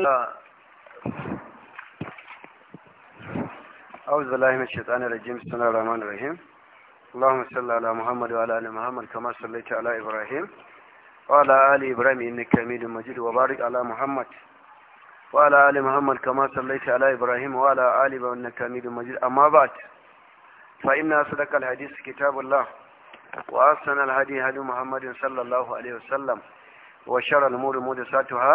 الله أعوذ بالله من الشيطان الرجيم بسم الله الرحمن الرحيم اللهم صل على محمد وعلى آل محمد كما صليت على إبراهيم وعلى آل إبراهيم إنك حميد مجيد وبارك على محمد وعلى آل محمد كما صليت على إبراهيم وعلى آل إبراهيم إنك حميد مجيد أما بعد فإن أصدق الحديث كتاب الله وأحسن الهدي هدي محمد صلى الله عليه وسلم وشر الأمور محدثاتها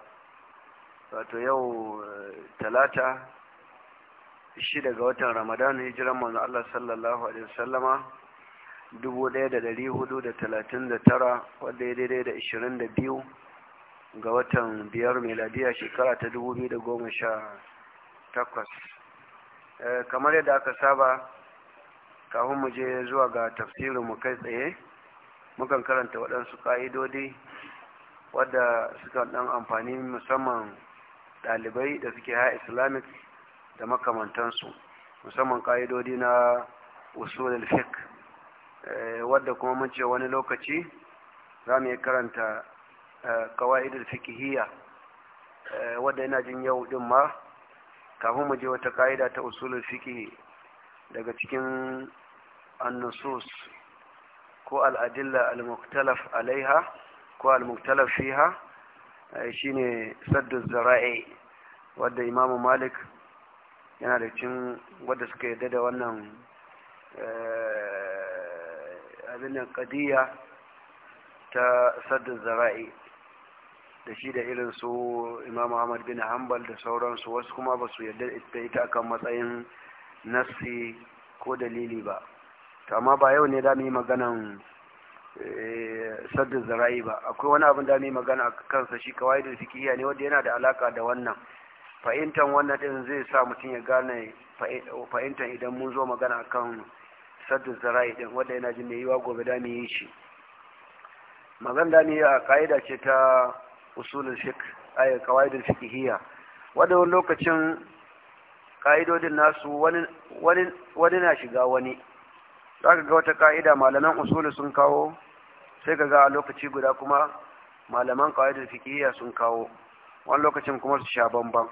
wato yau eh, talata shi daga watan ramadan hijiran manzo Allah sallallahu alaihi wasallama 1439 wanda ya daidai da biyu, ga watan biyar meladiya shekara ta 2018 eh, kamar yadda aka saba kafin mu je zuwa ga tafsirin mu kai tsaye mukan karanta waɗansu ƙa'idodi wadda suka ɗan amfani musamman Dalibai da suke haya islamic da makamantansu musamman ƙa'idodi na usulul fiqh eh, wadda kuma mun ce wani lokaci za mu yi karanta ƙawa'idul eh, fiqhiyya eh, wadda ina jin yau din ma kafin mu je wata ƙa'ida ta usulul fiqh daga cikin annusus ko al'adilla al-muktalaf alaiha ko al-muktalaf fiha Eh, shine saddu zara'i wadda imamu malik yana da cin wadda suka yadda da wannan eh, abin kadiyya kadiya ta saddu zara'i da shi da irin su imamu ahmad bin Hambal da sauransu wasu kuma ba su yadda da ita kan matsayin nassi ko dalili ba to amma ba yau ne da mu yi maganan Eh, sadda zara'i ba akwai wani abin da mai magana a kansa shi kawai da suke ne wanda yana da alaka da wannan fahimtar wannan din zai sa mutum ya gane fahimtar idan mun zo magana a kan sadda zara'i din wanda yana jin yiwa gobe da yi shi magan da ne a ka'ida ce ta usulun fiqh ay qawaidul fiqhiyya wadda wani lokacin ka'idodin nasu wani na shiga wani za ga wata ka'ida malaman usulu sun kawo sai ka ga a lokaci guda kuma malaman ka'idar fikiyya sun kawo wani lokacin kuma su sha bamban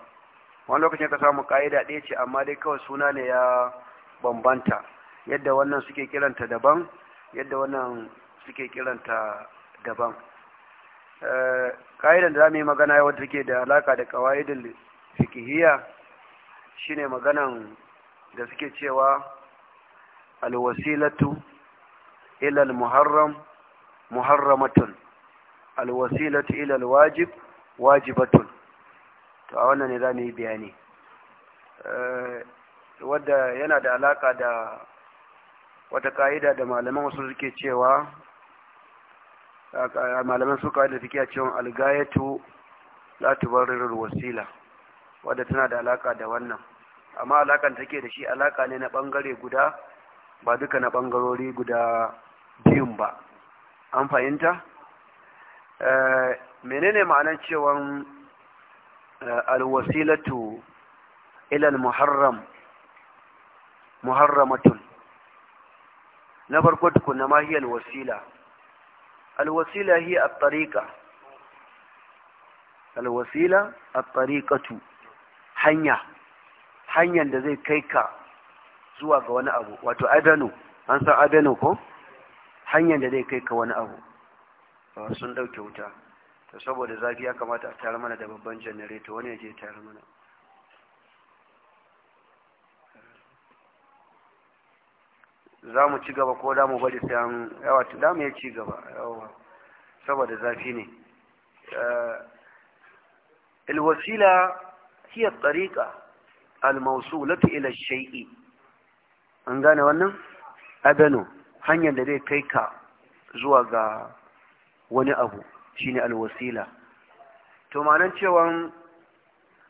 wani lokacin ka samu ka'ida ɗaya ce amma dai kawai suna ne ya bambanta yadda wannan suke kiranta daban yadda wannan suke kiranta daban eh, ka'idan da za mu yi magana yau da take da alaka da kawa'idul fikihiyya shine maganan da suke cewa alwasilatu ila almuharram muharramatun alwasilatu ila alwajib wajibatun to a wannan ne za mu yi bayani wadda yana da alaka da wata ka'ida da malaman wasu suke cewa malaman su ka'ida suke cewa algayatu la tubarrirul wasila wadda tana da alaka da wannan amma alakan take da shi alaka ne na bangare guda ba duka na ɓangarori guda biyun ba an fahimta eh, menene ma'anar cewan eh, alwasilatu ilal muharram muharramatun na farko tukuna ma hiya alwasila alwasila hi a tariqa alwasila a tariqatu hanya hanyar da zai kai ka zuwa ga wani abu wato adano an san adano ko hanyar da zai kai ka wani abu ah, sun ɗauke wuta to saboda zafi ya kamata a tare mana da babban janareto wani ya je tayar mana za mu ci gaba ko da mu bari sai an yawa Da mu ya ci gaba yawa saboda zafi ne الوسيلة هي الطريقة الموصولة إلى الشيء an gane wannan abeno hanyar da zai kai ka zuwa ga wani abu shine alwasila to ma'anar cewa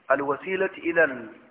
alwasilatu ilan